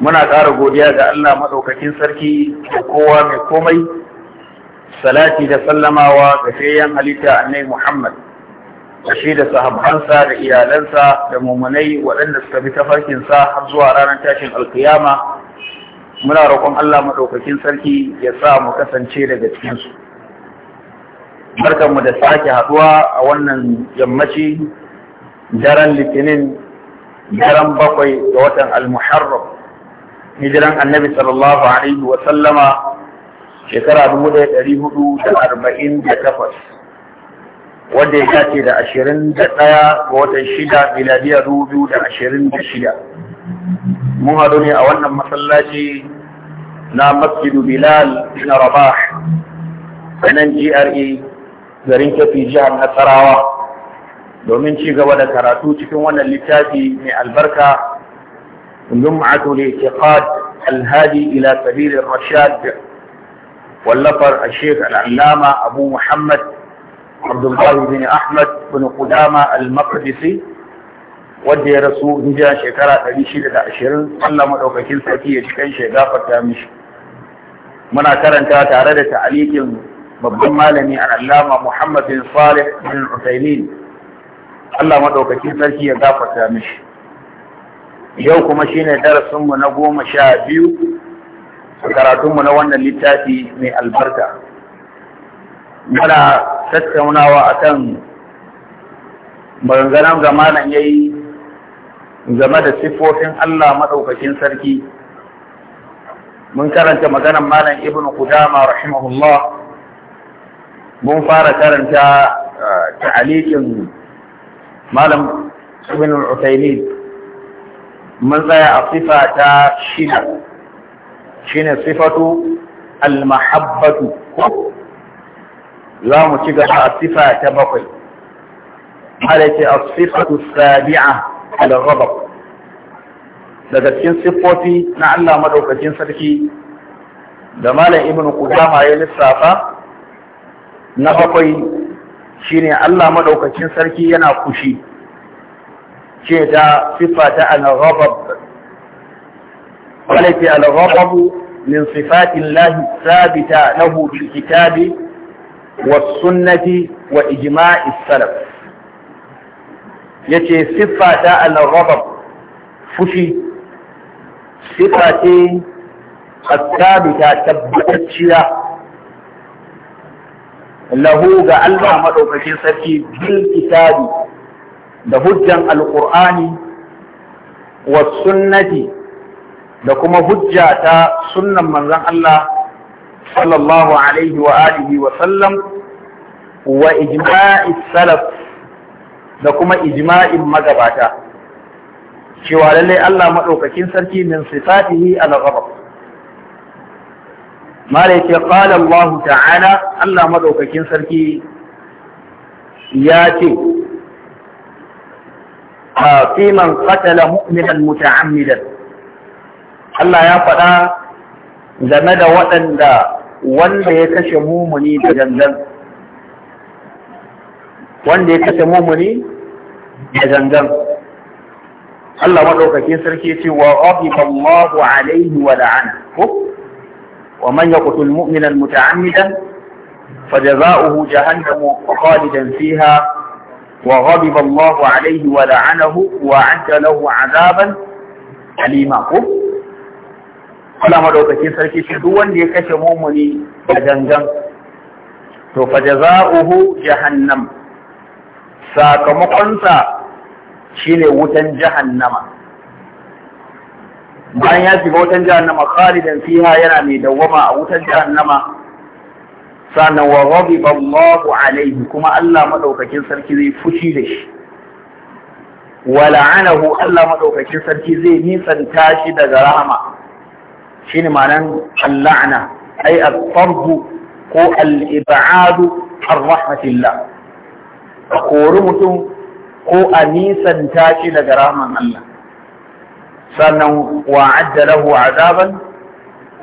muna ƙara godiya ga Allah maɗaukakin sarki da kowa mai komai salati da sallamawa ga shayyan halitta annai Muhammad da shi da sahabbansa da iyalansa da mummunai, waɗanda suka bi farkinsa har zuwa ranar tashin alkiyama muna roƙon Allah maɗaukakin sarki ya sa mu kasance daga cikinsu barkanmu da sake haɗuwa a wannan yammaci daren litinin daren bakwai ga watan al-muharram hijiran annabi sallallahu alaihi wa sallama shekara dubu ɗaya ɗari hudu da arba'in da takwas wanda ya dace da ashirin da ɗaya ga watan shida miladiya dubu biyu da ashirin da shida mun haɗu ne a wannan masallaci na masjidu bilal na rabah a nan gra garin kafi jihar nasarawa domin ci gaba da karatu cikin wannan littafi mai albarka جمعة الاعتقاد الهادي إلى سبيل الرشاد واللفر الشيخ العلامة أبو محمد عبد الله بن bin بن قدامة المقدسي wadda ya rasu hijira shekara 620 Allah madaukakin sarki ya cikin shi ta mishi muna karanta tare da ta'alikin babban malami a allama Muhammad bin Salih bin Uthaymeen Allah madaukakin sarki ya gafarta mishi yau kuma shine darasinmu na goma sha biyu karatunmu na wannan littafi mai albarka muna tattaunawa akan maganganun da malam ya yi game da siffofin Allah maɗaukakin sarki mun karanta maganar malam ibn Qudama rahimahullah mun fara karanta ah, ta'alikin malam ibn al-Uthaymeen mun tsaya a sifa shida shine sifatu almahabbatu ko za mu ci gaba a sifa ta bakwai malaki a sifatu sabi'a al-ghadab daga cikin sifofi na Allah madaukakin sarki da malam ibn lissafa na Allah maɗaukacin sarki yana kushi ce da sifa ta al-ghadab wala ce al-ghadab min sifatin lahi sabita lahu bil kitabi was sunnati wa ijma'is salaf yace sifa ta al-ghadab fushi sifa ce الثابتة تبتشية له ga Allah maɗaukacin sarki bil kitabi da hujjan alƙur'ani wa sunnati da kuma hujja ta sunnan manzon Allah sallallahu alaihi wa alihi wa sallam wa ijma'i salaf da kuma ijma'in magabata cewa lallai Allah maɗaukakin sarki min sifatihi al-ghadab mala yake qala Allah ta'ala Allah maɗaukakin sarki ya ce fi man qatala mu'minan muta'ammidan Allah ya faɗa game da waɗanda wanda ya kashe mumuni da gangan wanda ya kashe mumuni da gangan Allah madaukakin sarki ce wa ghadiba Allahu alaihi wa la'ana ko wa man yaqtul mu'mina muta'ammidan fajaza'uhu jahannamu khalidan fiha وغضب الله عليه ولعنه وأعد له عذابا أليما kula madaukakin sarki shi duk wanda ya kashe mumuni da gangan to fa jaza'uhu jahannam sakamakonsa shine wutan jahannama bayan ya shiga wutan jahannama khalidan fiha yana mai dawwama a wutan jahannama sannan wa ghadiba Allah alaihi kuma Allah madaukakin sarki zai fushi da shi wa la'anahu Allah madaukakin sarki zai nisanta shi daga rahama shine ma'anan al-la'na ay al-tarbu ko al-ib'adu an rahmatillah a kori mutum ko a nisanta shi daga rahman Allah sannan wa'adda lahu azaban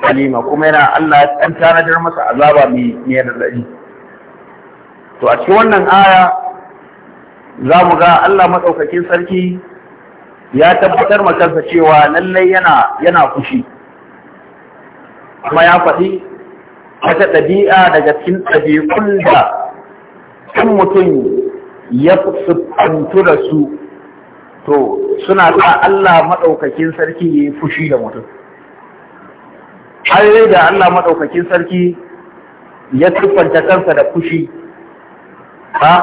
alima kuma yana Allah ya ɗan tanadar masa azaba mai raɗaɗi to a cikin wannan aya za mu ga Allah maɗaukakin sarki ya tabbatar ma kansa cewa lallai yana yana fushi kuma ya faɗi wata ɗabi'a daga cikin ɗabi'un da kan mutum ya siffantu da su to suna sa Allah maɗaukakin sarki ya yi fushi da mutum har da Allah maɗaukakin sarki ya siffanta kansa da kushi, ha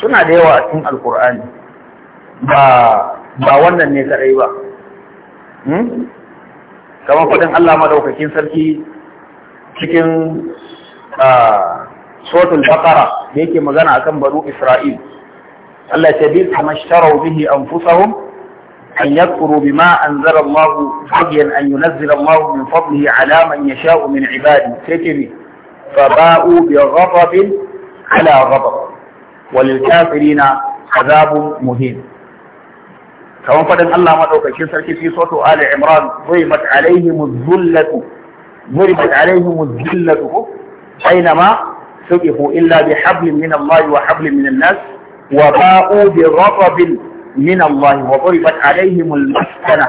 suna da yawa a cikin alkur'ani ba wannan ne kadai ba hmm? Kama kudin Allah maɗaukakin sarki cikin sotun bakara da yake magana akan baru isra'il Allah ya ce bi shara'u bihi hun أن يكفروا بما أنزل الله بغيا أن ينزل الله من فضله على من يشاء من عباده كتب فباءوا بغضب على غضب وللكافرين عذاب مهين كما فدن الله مدوكشين سركي في صوت آل عمران ضربت عليهم الذلة ضربت عليهم الذلة أينما سقفوا إلا بحبل من الله وحبل من الناس وباءوا بغضب من الله وضربت عليهم المسكنة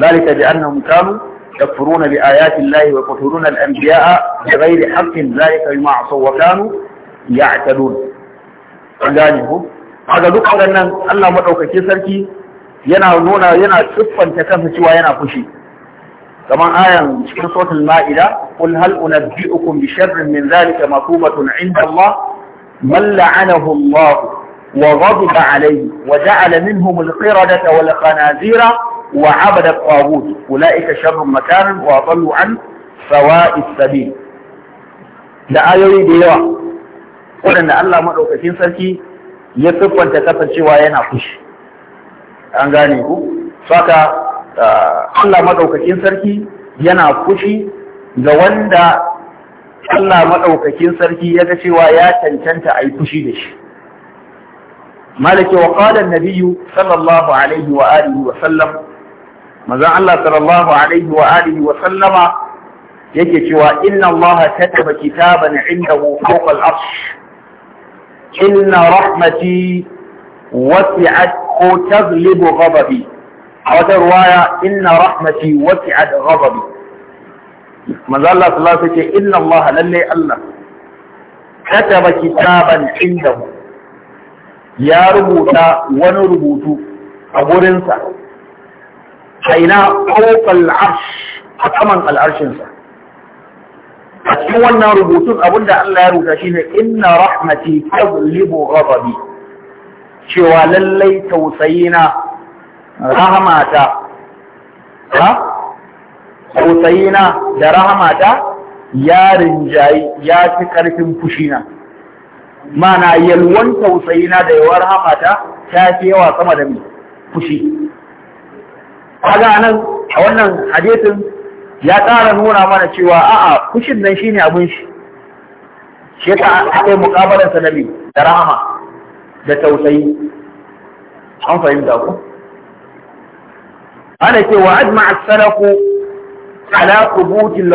ذلك بأنهم كانوا يكفرون بآيات الله ويقتلون الأنبياء بغير حق ذلك بما عصوا وكانوا يعتدون gane kaga duk waɗannan Allah maɗaukake sarki yana nuna yana siffanta kansa cewa yana fushi kamar ayan cikin suratul ma'ida qul hal unabbi'ukum bi sharrin min zalika masubatun 'inda Allah man la'anahu وغضب عليه وجعل منهم القردة والخنازير وعبد الطاغوت أولئك شر مكانا وأضلوا عن سواء السبيل da ayoyi da yawa waɗanda Allah maɗaukakin sarki ya siffanta kasancewa yana fushi an gane ku saka ah, Allah maɗaukakin sarki yana fushi ga wanda Allah maɗaukakin sarki ya ga cewa ya cancanta a yi fushi da shi malaki wa qala an sallallahu alaihi wa wa sallam manzon Allah sallallahu alaihi wa wa sallama yake cewa inna Allah kataba kitaban indahu fawqa al inna rahmati wasi'at ko taglibu ghadabi a wata ruwaya inna rahmati wasi'at ghadabi manzo Allah sallallahu inna Allah Allah ya rubuta wani rubutu a gurinsa a ina ƙoƙon arsh a saman al'arshinsa a cikin wannan rubutun abinda Allah ya rubuta shi ne inna rahmati tazlibu ghadabi cewa lallai tausayina rahmata, ha tausayina da rahmata, ya rinjayi ya fi ƙarfin fushina mana yalwan na da yawar hamata ta fi yawa sama da mai fushi kaga nan a wannan hadisin ya ƙara nuna mana cewa a'a fushin nan shine abin shi shi ta aka muƙabalar da rahama da tausayi an fahimta ku ana cewa ajma'a salaku ala qubuti al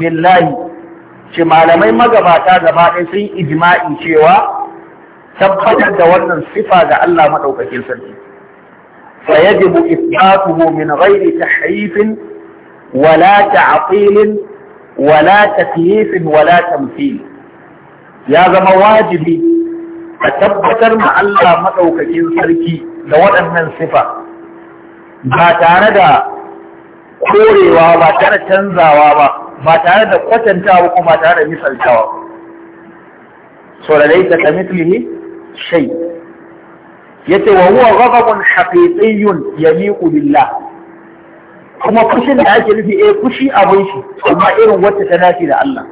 lillahi ce malamai magabata gaba ɗaya sun ijma'i cewa tabbatar da wannan sifa ga Allah maɗaukakin sarki fa yajibu ithbatuhu min ghairi tahrifin wala ta'tilin wala takyifin wala tamthil ya zama wajibi a tabbatar ma Allah maɗaukakin sarki da waɗannan sifa ba tare da korewa ba tare canzawa ba ba tare da kwatantawa ko ba tare da misaltawa so da laisa ka mithlihi shay yace wa huwa ghadabun haqiqiyyun yaliqu billah kuma kushin da ake nufi eh kushi abin shi amma irin wacce ta dace da Allah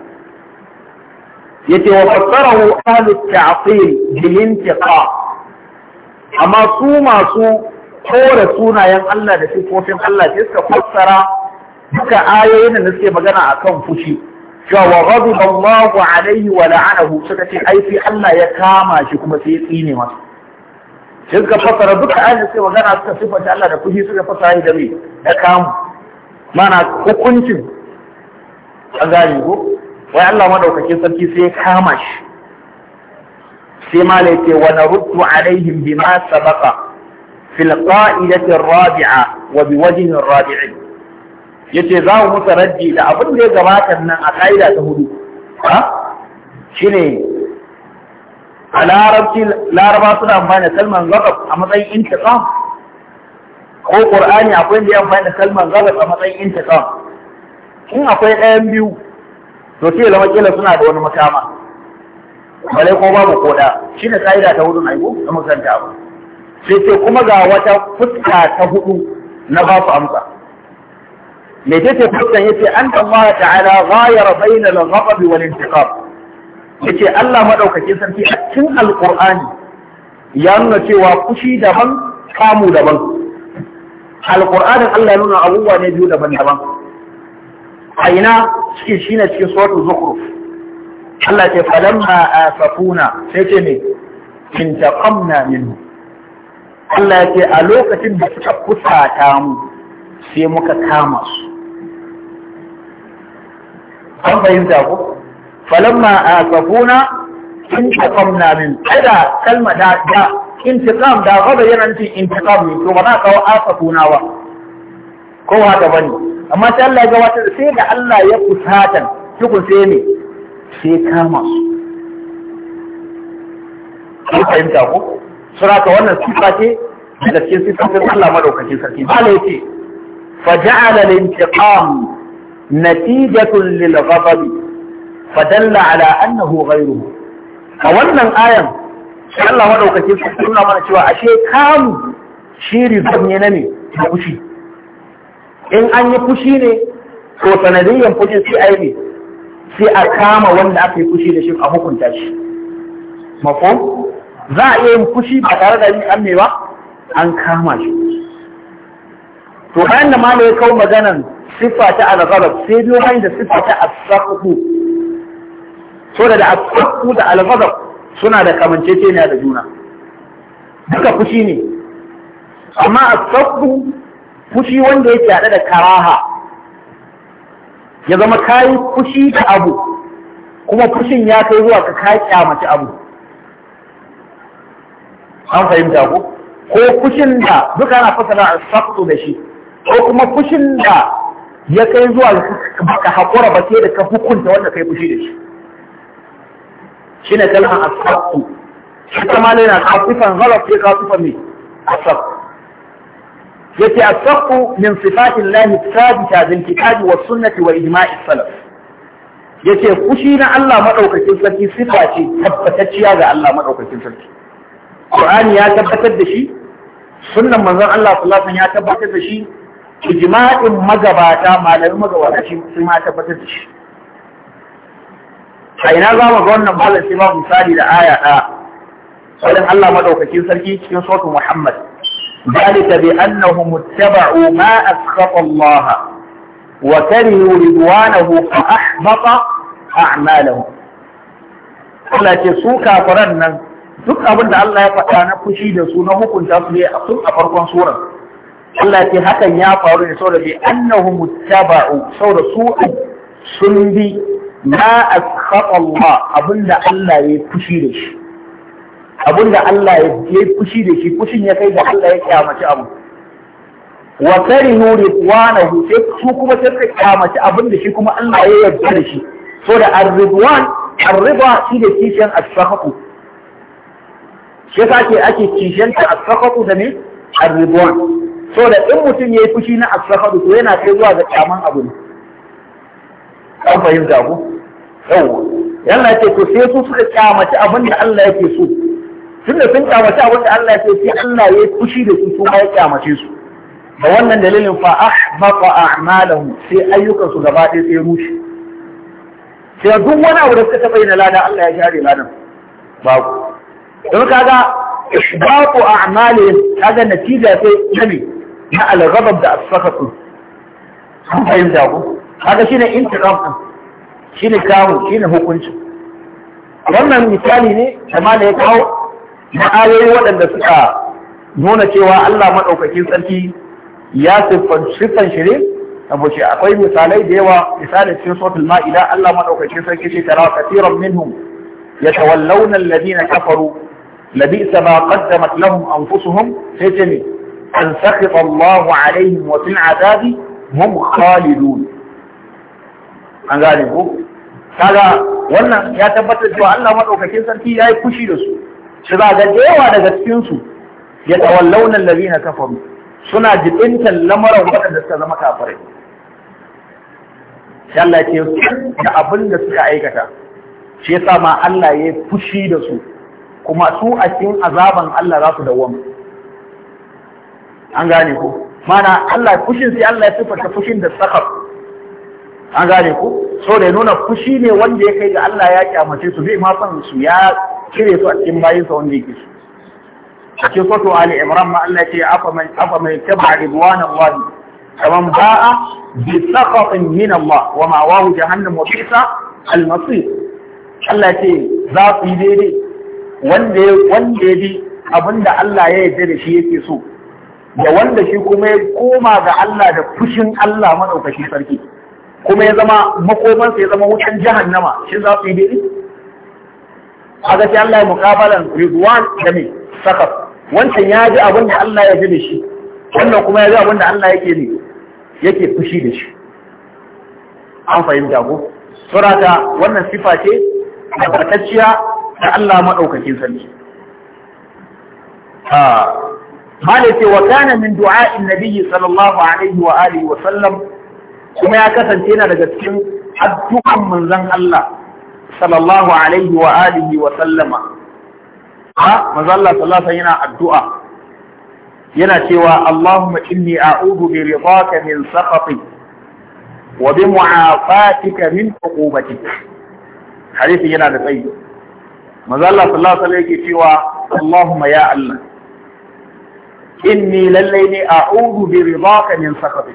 yace wa fassarahu ahlu at-ta'til bil intiqa amma su masu kore sunayen Allah da sifofin Allah sai suka fassara duka ayoyin da suke magana akan fushi cewa wa ghadiba Allahu alaihi wa la'anahu suka ce ai sai Allah ya kama shi kuma sai ya tsine masa sai suka fasara duka ayoyin da suke magana suka sifanta Allah da fushi suka fasara shi da me da kama mana hukuncin an gani ko wai Allah madaukakin sarki sai ya kama shi sai mala yake wa naruddu alaihim bima sabaqa fil qa'idati ar-rabi'a wa biwajhin rabi'in yace za mu musa raddi da abin da ya gabata nan a ka'ida ta hudu ha shine a larabci laraba suna amfani da kalman gabas a matsayin intiqam ko qur'ani akwai da ya amfani da kalman gabas a matsayin intiqam in akwai ɗayan biyu to sai zama kila suna da wani makama bare ko babu koda shine ka'ida ta hudu na aiko da makaranta ba sai ce kuma ga wata fuska ta hudu na ba su amsa me take fuskan yace an Allah ta'ala ghayara bainal ghadab wal intiqam yace Allah madaukake sarki a cikin al alqur'ani ya nuna cewa kushi daban kamu daban al alqur'anin Allah ya nuna abubuwa ne biyu daban-daban a ina cikin shine cikin suratul zukhruf Allah ce falamma asafuna sai ce me intaqamna minhu Allah ya ce a lokacin da suka ta mu sai muka kama su an fahimta ko falamma asafuna intaqamna min kada kalma da da intiqam da gaba yana nufin intiqam ne to ba za ka kawo asafuna ba ko haka bane amma sai Allah ya ga wata sai da Allah ya kusatan tukun sai ne sai kama su an fahimta ko suraka wannan sifa ce daga cikin sifofin Allah madaukakin sarki ba la yace fa ja'ala al-intiqam natijatun lil ghadabi fadalla ala annahu ghayruhu a wannan ayan sai Allah madaukake su nuna mana cewa ashe kamu shi rizab ne na ne na kushi. in an yi fushi ne to sanadiyan fushin sai a yi sai a kama wanda aka yi da shi a hukunta shi mafo za a iya yin fushi ba tare da yin amme ba an kama shi to bayan da ya kawo maganan sifa ta al-ghadab sai biyo hanyar da sifa ta as so da as da al-ghadab suna da kamanceceniya da juna duka fushi ne amma as kushi fushi wanda yake hada da karaha ya zama kai fushi da abu kuma fushin ya kai zuwa ka ka kyamaci abu an fahimta ko ko fushin da duka ana fasara as-sakhu da shi ko kuma fushin da ya kai zuwa baka haƙura ba sai da ka hukunta wanda kai fushi da shi shi ne kalmar asafu shi ta ma yana kasifan ghalaf ya kasifa ne asafu yace asafu min sifatin lahi sabita bil kitabi wa sunnati wa ijma'i salaf yace fushi na Allah madaukakin sarki sifa ce tabbatacciya ga Allah madaukakin sarki Qur'ani ya tabbatar da shi sunnan manzon Allah sallallahu alaihi wasallam ya tabbatar da shi ijma'in magabata malamin magabata shi sun ma tabbatar da shi a ina za mu ga wannan malam sai ba misali da aya da sauran Allah madaukakin sarki cikin sokin Muhammad ذلك بأنهم اتبعوا ما أسخط الله وكرهوا رضوانه فأحبط أعمالهم Allah ce su kafiran nan duk abin da Allah ya faɗa na fushi da su na hukunta su ne a tun a farkon surar Allah ce hakan ya faru ne saboda bi annahu muttaba'u saboda su sun bi ma askhata Allah abinda Allah ya fushi da shi abinda Allah ya je fushi da shi fushin ya kai ga Allah ya kyamaci abu wa karinu ridwanahu sai su kuma sai ka kyamaci abinda shi kuma Allah ya yarda da shi saboda ar-ridwan ar-ridwa shi da kishin as-sakhatu shi yasa ake kishin ta as-sakhatu da ne ar-ridwan so da in mutum ya yi fushi na asrafadu to yana kai zuwa ga kyaman abu ne an fahimta ku yawwa yana ce to sai su suka kyamaci abin da Allah yake so tun da sun kyamaci abin da Allah yake sai Allah ya yi fushi da su su ma ya kyamace su da wannan dalilin fa ahmaqa a'malahum sai ayyukan su gaba ɗaya sai rushe sai duk wani abu da suka taɓa yi na lada Allah ya share ladan babu don kaga ihbaqu a'malin kaga natija sai jami'a na al-ghadab da sun fahimta ku haka shine intiqam shine kawo shine hukunci wannan misali ne kuma ya kawo na waɗanda suka nuna cewa Allah maɗaukakin sarki ya siffan shi ne akwai misalai da yawa misali cikin sotul ma'ida Allah maɗaukakin sarki ce tara min minhum ya tawallawna alladhina kafaru labisa ma qaddamat lahum anfusuhum sai ce ne أن سخط الله عليهم وفي العذاب هم خالدون an gane ko kaga wannan ya tabbatar cewa Allah madaukakin sarki yayi fushi da su shi za ga yawa daga cikin su ya tawallawna allazina kafaru suna jibintan lamarin waɗanda suka zama kafirai sai Allah ce da abin da suka aikata shi yasa ma Allah ya fushi da su kuma su a cikin azaban Allah za su dawwama an gane ku. mana Allah fushin sai Allah ya sifanta fushin da sakar an gane ku. so da nuna fushi ne wanda ya kai ga Allah ya kyamace su zai ma san su ya kire su a cikin bayin sa wanda yake su a cikin soto Ali Imran ma Allah ce afa man afa man tabi'a ridwanallahi kaman ba'a bi saqatin min Allah wa ma ma'awahu jahannam wa bisa al-masir Allah ce za su yi daidai wanda ya bi abinda Allah ya yarda da shi yake so da wanda shi kuma ya koma ga Allah da fushin Allah maɗaukaki sarki kuma ya zama makomansa ya zama wutan jahannama shi za su yi daidai a ga shi Allah ya muƙabalan rizwan da me sakar wancan ya ji abin da Allah ya ji da shi wannan kuma ya ji abin da Allah yake ne yake fushi da shi an fahimta ko surata wannan sifa ce da da Allah maɗaukakin sarki ah, malai ce wa kana min du'a'in nabiyyi sallallahu alaihi wa alihi wa sallam kuma ya kasance yana daga cikin addu'an manzon Allah sallallahu alaihi wa alihi wa sallama ha manzon yana addu'a yana cewa Allahumma inni a'udhu bi ridaka min sakhatik wa bi mu'afatika min uqubatik hadisi yana da tsayi manzon yake cewa Allahumma ya Allah inni lallai ne a ugu bi ridaka min sakabi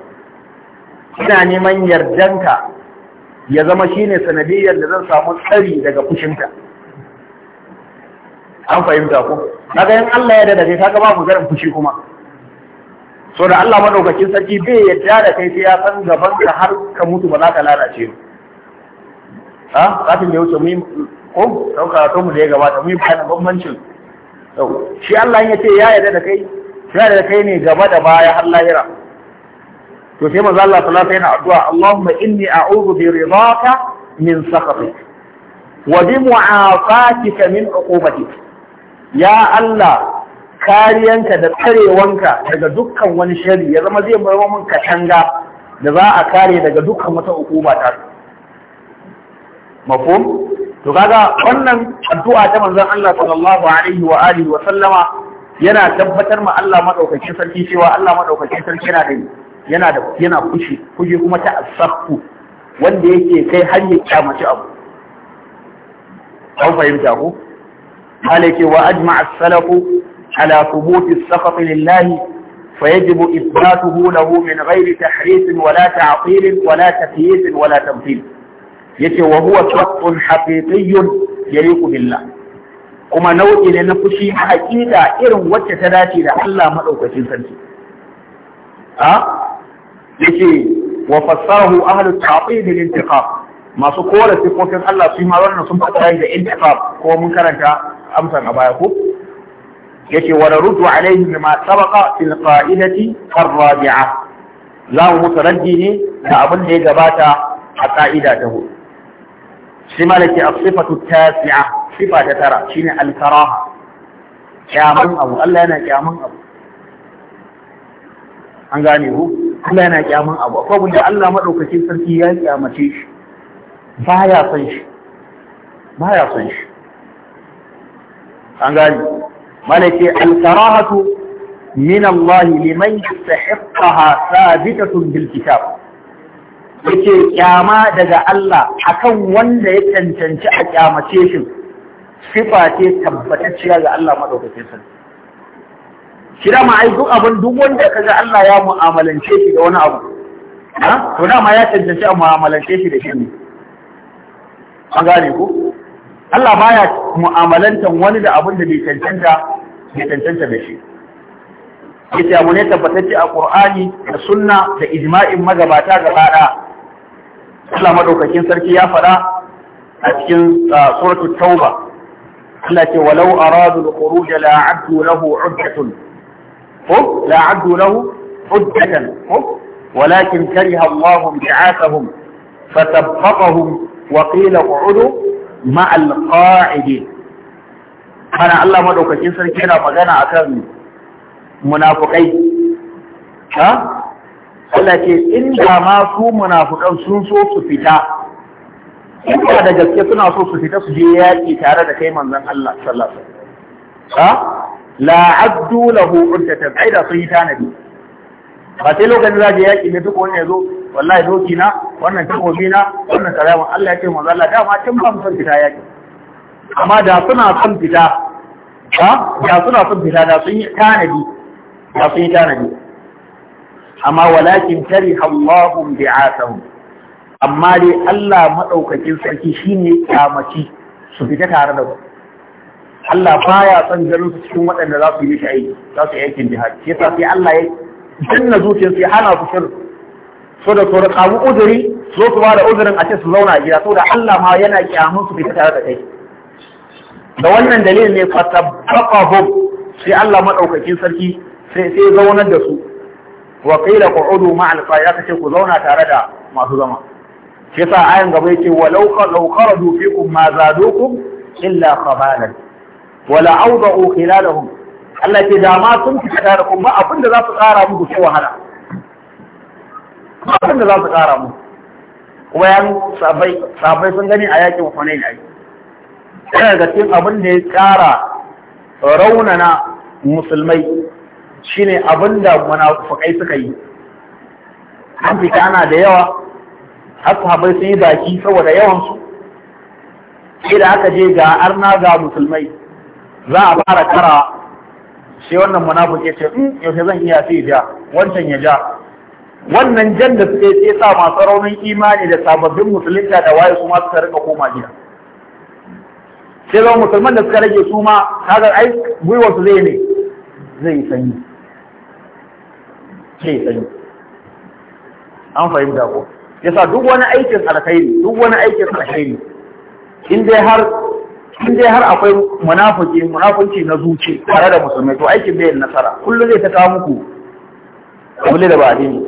ina neman yardanka ya zama shine sanadiyar da zan samu tsari daga fushinka an fahimta ko kaga in Allah ya dade kaga ba ku garin fushi kuma so da Allah madaukakin sarki bai yadda da kai sai ya san gaban ka har ka mutu ba za ka lalace ha kafin da wuce mu ko dauka to mu da ya gabata mu yi bayanin bambancin shi Allah ya ce ya yada da kai sai da kai ne gaba da baya har lahira to sai manzo Allah sallallahu alaihi yana addu'a Allahumma inni a'udhu bi ridaka min sakhatik wa bi mu'afatika min uqubatik ya Allah kariyanka da tsarewanka daga dukkan wani shari ya zama zai baro mun katanga da za a kare daga dukkan wata hukuma ta mafhum to kaga wannan addu'a ta manzon Allah sallallahu alaihi wa alihi wa sallama yana tabbatar ma Allah madaukakin sarki cewa Allah madaukakin sarki yana da yana yana kushi kuma ta wanda yake kai har ya kyamaci abu kan fahimta ko malike wa ajma as-salafu ala thubuti as-saqat lillah fa yajib ithbatuhu lahu min ghairi tahrif wala ta'til wala tafyiz wala tamthil yace wa huwa shaqqun haqiqiyyun yaliqu billah kuma nau'i ne na fushi a hakika irin wacce ta dace da Allah maɗaukacin sarki a yace wa fassahu ahlu ta'til da intiqam masu kora sifofin Allah su ma wannan sun fata da intiqam ko mun karanta amsan a baya ko yace wa ruddu alaihi bima sabaqa fil qa'idati ar za mu mutaraddi ne da abin da ya gabata a ƙa'ida ta hudu shi malaki a sifatu tasi'a sifa ta tara shine alkaraha kyaman abu Allah yana kyaman abu an gane ku Allah yana kyaman abu akwai abin da Allah madaukakin sarki ya kyamace shi baya son shi baya son shi an gane malaki alkarahatu min Allah liman yastahiqaha thabitatun bil kitab yake kyama daga Allah akan wanda ya cancanci a kyamace shi sifa ce tabbatacciya ga Allah madaukakin sarki shi da ma ai duk abin duk wanda kaga Allah ya mu'amalance shi da wani abu ha to ma ya cancanci a mu'amalance shi da shi ne an gane ko Allah baya mu'amalantan wani da abin da bai cancanta bai cancanta da shi Ita mu ne tabbatacce a Kur'ani da Sunna da ijma'in magabata gaba ɗaya Allah madaukakin sarki ya faɗa a cikin suratu tauba Allah ce walau aradu da khuruj la addu lahu uddatun ko la addu lahu uddatan ko walakin kariha Allah bi'athahum fatabqahum wa qila qu'udu ma'a al-qa'idin kana Allah madaukakin sarki yana magana akan munafukai ha Allah ce in da ma su munafukan sun so su fita in ba da gaske suna so su fita su je yaƙi tare da kai manzon Allah sallallahu alaihi wasallam la addu lahu uddatan aida sun yi tanadi ba sai lokacin za je yaƙi ne duk wanda ya zo wallahi doki na wannan takobi na wannan karamin Allah ya ce manzon Allah dama tun ba mu fita yaƙi amma da suna son fita ba da suna son fita da sun yi tanadi da sun yi tanadi amma walakin kariha Allahu bi'atahum amma dai Allah madaukakin sarki shine kyamaci su fita tare da ku. Allah baya son ganin su cikin waɗanda za su yi mishi aiki za su yi aikin jihar. shi yasa sai Allah ya danna zuciyar sai hana su shirku so da tsoro kamu uzuri zo su bada uzurin a ce su zauna a gida da Allah ma yana kyamun su fita tare da kai da wannan dalilin ne fatabaqahum sai Allah madaukakin sarki sai sai zaunar da su wa qila qu'udu ma'al qa'id aka ku zauna tare da masu zama shi yasa ayan gaba yake walau law kharaju fikum ma zadukum illa khabalan wala awda'u khilalahum Allah ke da ma sun fita tare kuma abinda za su kara muku sai wahala abin da za su tsara muku kuma ya sabai sabai sun gani a yakin Hunain ai yana da cikin abin da ya kara raunana musulmai Shi ne abin da munafukai suka yi an fita ana da yawa har sahabbai sun yi baki saboda yawansu sai da aka je ga arna ga musulmai za a fara kara sai wannan munafiki ya ce in hmm, yaushe zan iya sai ja wancan ya ja wannan jan da suke sai sa masu raunin imani da sababbin musulunta da waye su ma suka rika koma gida sai zama musulman da suka rage su ma kaga ai gwiwarsu zai ne zai sanyi ce sani an fahimta ko yasa duk wani aikin alkhairi duk wani aikin alkhairi in dai har in dai har akwai munafiki munafunci na zuci tare da musulmai to aikin bai nasara kullum zai ta kawo muku kamar da ba addini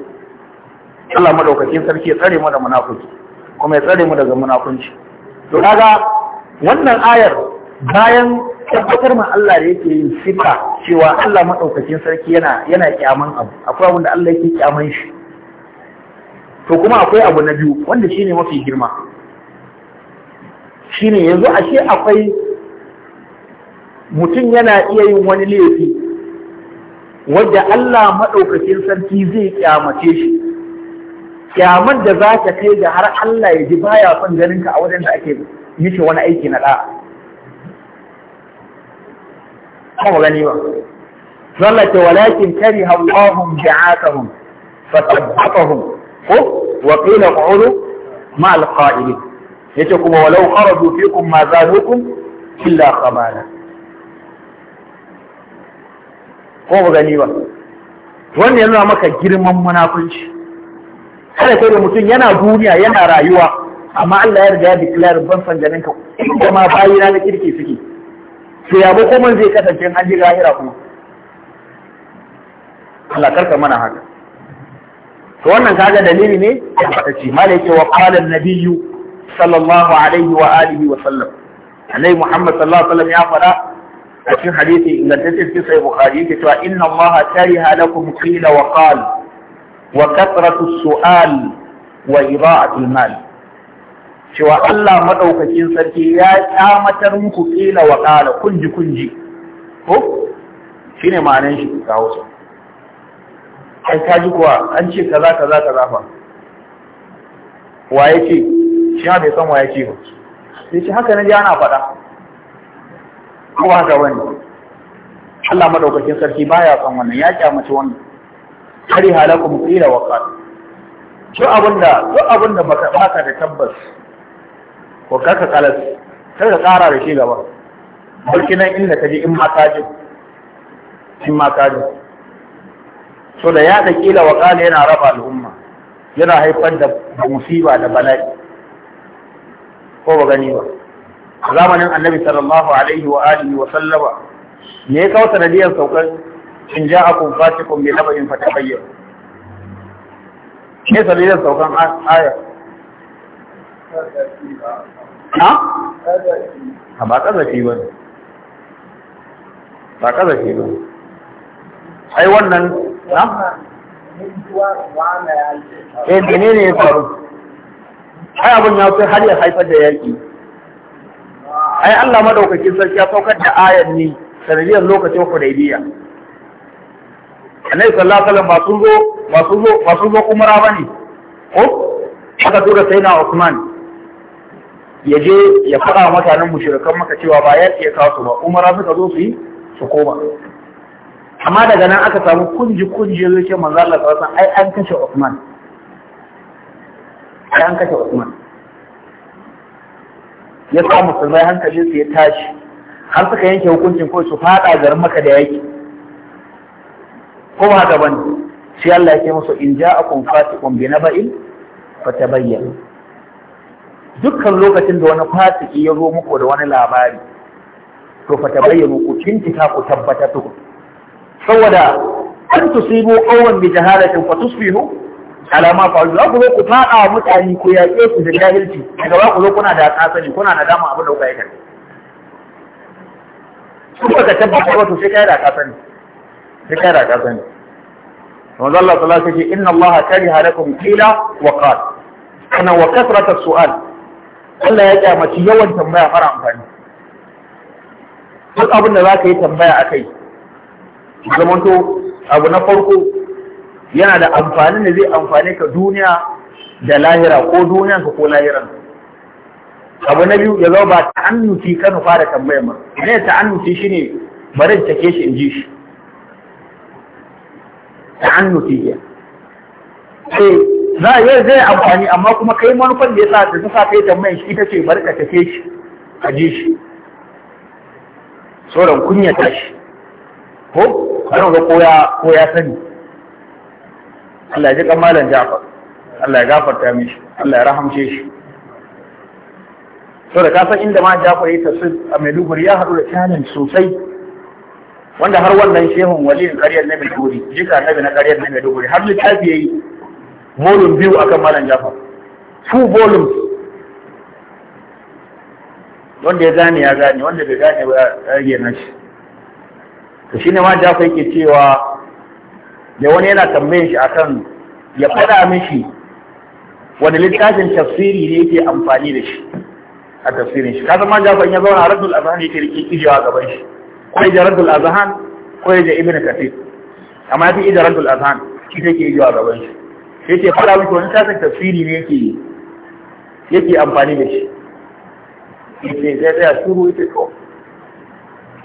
Allah madaukakin sarki ya tsare mu da munafiki kuma ya tsare mu daga munafunci to kaga wannan ayar bayan tabbatar ma Allah da yake yin sifa cewa Allah maɗaukacin sarki yana yana abu akwai abin da Allah yake kyaman shi to kuma akwai abu na biyu wanda shine mafi girma shine yanzu ashe akwai mutum yana iya yin wani laifi wadda Allah maɗaukacin sarki zai kyamace shi Ƙyaman da za ta kai da har Allah ya ji baya son ganinka a wajen da ake mishi wani aiki na ɗa'a ba mu gani ba zalla ce walakin kari hawahum da'akahum fatabbatahum ko wa qila qulu ma alqa'ilin yace kuma walau kharaju fikum ma zalukum illa khabala ko ba gani ba wannan yana maka girman munafunci kada kai da mutum yana duniya yana rayuwa amma Allah ya riga ya declare ban san ganin ka inda ma bayina na kirki suke to ya ba kuma zai kasance an ji lahira kuma Allah karka mana haka to wannan kaga dalili ne ta ce malai ke wa qala an-nabiyyu sallallahu alaihi wa alihi wa sallam annabi Muhammad sallallahu alaihi wa sallam ya fara a cikin hadisi ingantacce cikin sai bukhari yake cewa inna allaha kariha lakum qila wa qal wa kathratu su'al wa ida'atu al-mal cewa Allah maɗaukakin sarki ya kyamatar muku ƙila wa ƙala kunji kunji ko shi ne ma'anin shi ga hausa ai ka ji kuwa an ce kaza kaza kaza fa wa ya ce shi ha bai san wa ya ce ba sai shi haka na ji ana faɗa ko haka wani Allah maɗaukakin sarki baya son wannan ya kyamaci wannan kari halakum ƙila wa ƙala duk abinda duk abinda baka baka da tabbas ko karka kalas kar ka kara da shi gaba barki nan inda ka ji in ma ka in ma ka so da ya da kila wa kala yana raba al'umma yana haifar da musiba da bala'i ko ba gani ba zamanin annabi sallallahu alaihi wa alihi wa sallama me ya kawo sanadiyar saukar in ja akun fatikun bi nabayin fata bayyar me sanadiyar saukan aya ha ba kazafi ba ba kazafi ba ai wannan na? eh ne ne ya faru ai abin ya fi har ya haifar da yaƙi ai Allah madaukakin sarki ya saukar da ayan ne sanadiyar lokacin hudaybiya annabi sallallahu alaihi wasallam ba sun zo ba sun zo ba sun zo umara bane ko aka tura sayyidina Usman ya je ya faɗa mutanen mushirikan maka cewa ba ya iya kawo su ba umara suka zo su yi su koma amma daga nan aka samu kunji kunji zai ce manzo Allah sallallahu alaihi ai an kashe Uthman ai an kashe Uthman ya sa musulmai hankali su ya tashi har suka yanke hukuncin ko su faɗa garin maka da yaki ko ba haka bane sai Allah ya ce musu in ja'akum fatiqun bi naba'in fatabayyanu dukkan lokacin da wani fasiki ya zo muku da wani labari to fa tabayyanu ku kinkita ku tabbata to saboda an tusibu qawman bi jahalatin fa tusbihu ala ma fa'alu ku zo ku fada mutane ku yaƙe su da jahilci daga ba ku zo kuna da kasani kuna da dama abin da kuka yi kai su ka tabbata wato sai kai da kasani sai kai da kasani wanda Allah sallallahu alaihi wasallam inna Allah kariha lakum qila wa qala kana wa kasrata su'al Allah ya kyamaci yawan tambaya mara amfani duk abin da za ka yi tambaya a kai zamanto abu na farko yana da amfani da zai amfani ka duniya da lahira ko ka ko lahiran abu na biyu ya zama ba ta'annuci ka kanu fara tambaya ma ne shi ne bari ke shi in ji shi ta'annuci ya sai za a yi zai amfani amma kuma kai manufan da ya sa ta zafa kai mai shi ita ce bari ta ke shi a ji shi sauran kunya ta shi ko kwanan ga ko ya sani Allah ya ji kamalan Ja'far Allah ya gafarta mishi Allah ya rahamce shi to da ka san inda ma Ja'far ya tafsir a Maiduguri ya haɗu da canin sosai wanda har wannan shehun wali na ƙaryar na Maiduguri jika nabi na ƙaryar na Maiduguri har littafi yi molin biyu akan malam jafar two volumes wanda ya gane ya gane wanda bai gane ba ya rage na shi to shine ma jafar yake cewa da wani yana tambayin shi akan ya faɗa mishi wani littafin tafsiri ne yake amfani da shi a tafsirin shi kasan ma jafar ya zauna raddul azhan yake rike kijewa gaban shi ko ya raddul azhan ko ya ibnu kathir amma ya fi ija raddul azhan shi take kijewa gaban shi yake fara wuce wani tasin tafsiri ne yake yake amfani da shi yake zai tsaya shuru yake to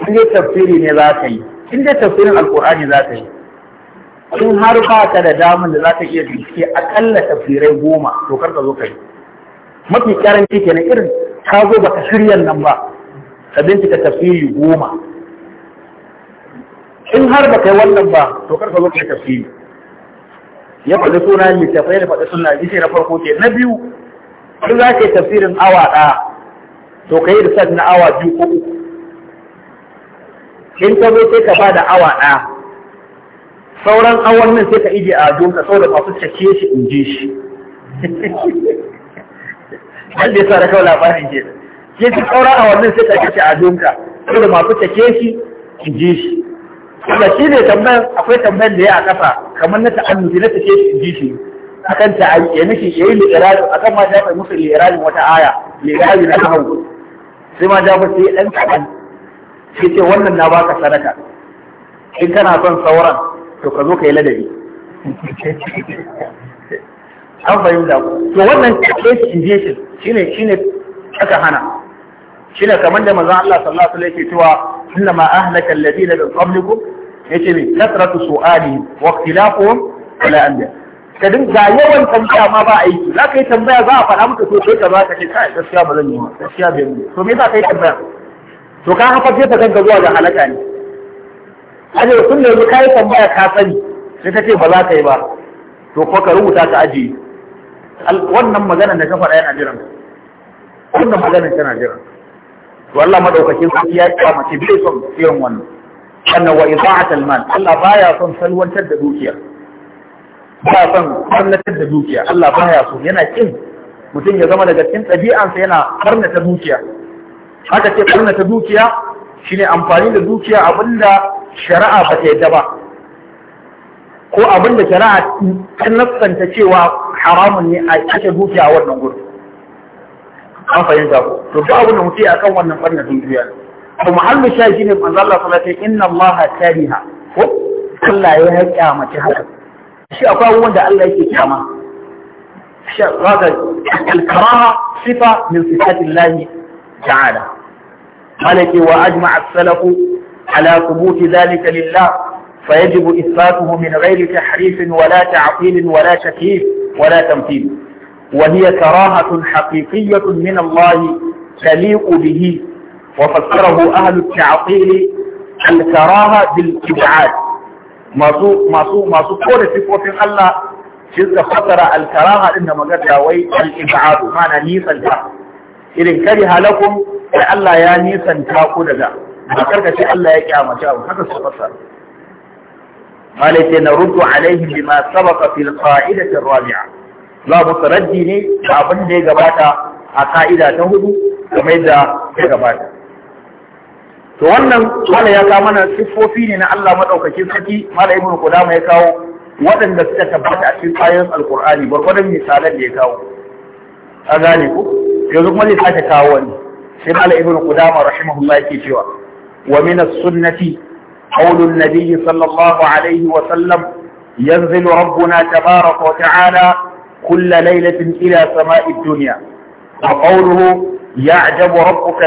in dai tafsiri ne za ka yi in dai tafsirin alkur'ani za ka yi in har ba ka da damar da za ka iya bincike akalla tafsirai goma to kar ka zo ka yi mafi karanci kenan irin ka zo ba ka shirya nan ba ka bincika tafsiri goma in har ka yi wannan ba to kar ka zo ka yi tafsiri ya faɗi suna littafai da faɗi suna jishe na farko ke na biyu Su za ka yi tafsirin awa ɗaya to ka yi research na awa biyu ko uku in ka zo sai ka ba da awa ɗaya sauran awon nan sai ka ije a ka da masu cake shi in ji shi wanda ya sa da kawai labarin ke ke ci sauran awon nan sai ka ije a ka da masu cake shi in ji shi wanda shi ne tambayar akwai tambayar da ya a kafa kamar na ta'annubi na take ji shi akan ta ya ya mishi yayi a kan ma ta musu li'irabi wata aya li'irabi na hau. sai ma ta sai ɗan kadan sai ce wannan na baka sadaka in kana son sauran to ka zo ka yi ladabi an fahimta to wannan case injection shi ne aka hana shine kamar da manzon Allah sallallahu alaihi wasallam yake cewa inna ma ahlaka alladhina min qablikum yace ne kasratu su'ali wa ikhtilafuhum ala anbiya kadin ga yawan tambaya ma ba aiki za ka yi tambaya za a faɗa maka to sai ka za ka ce kai gaskiya ba zan yi ba gaskiya bai yi to me yasa kai tambaya to ka hafa jefa ganga zuwa ga halaka ne aje kun da ka yi tambaya ka sani sai ka ce ba za ka yi ba to ko ka rubuta ka ajiye wannan maganar da ka faɗa yana jiran wannan maganar tana jiran to Allah madaukakin sarki ya ce bai son irin wannan sannan wa iza'at alman Allah baya son salwantar da dukiya ba son farnatar da dukiya Allah baya so yana kin mutum ya zama daga cikin ɗabi'ansa yana karnata dukiya haka ce karnata dukiya shine amfani da dukiya abinda shari'a ba ta yadda ba ko abinda shari'a ta nassanta cewa haramun ne a kashe dukiya a wannan gudu an fahimta ko to duk abin mutum akan wannan farnata dukiya ne to muhallu sha shi ne manzo Allah sallallahu alaihi inna Allah kariha ko Allah ya haƙa mace haka shi akwai abubuwan da Allah yake kyama shi zaka al-karaha sifa min sifati Allah ta'ala malaki wa ajma'a as-salafu ala thubuti dhalika lillah فيجب إثباته من غير تحريف ولا تعطيل ولا تكييف ولا تمثيل وهي كراهة حقيقية من الله تليق به وفسره أهل التعطيل الكراهة بالإبعاد masu masu masu kore sifofin Allah shi suka fassara al-karaha da magana wai al-ibadu mana nisanta irin kari halakum sai Allah ya nisanta ku daga ba karkace Allah ya kiyamace abu haka su fassara malai ce na rudu alaihim bima sabaqa fil qa'idati ar-rabi'a la mutaraddi ne abin da ya gabata a ka'ida ta hudu game da ya gabata to wannan mala ya kawo mana siffofi ne na Allah madaukakin sarki mala ibnu qudama ya kawo waɗanda suka tabbata a cikin ayoyin alqur'ani gwargwadon misalan da ya kawo a gane ku yanzu kuma zai sake kawo wani sai mala ibnu qudama rahimahullah yake cewa wa min as-sunnati قول النبي صلى الله عليه وسلم ينزل ربنا تبارك وتعالى كل ليلة إلى سماء الدنيا وقوله يعجب ربك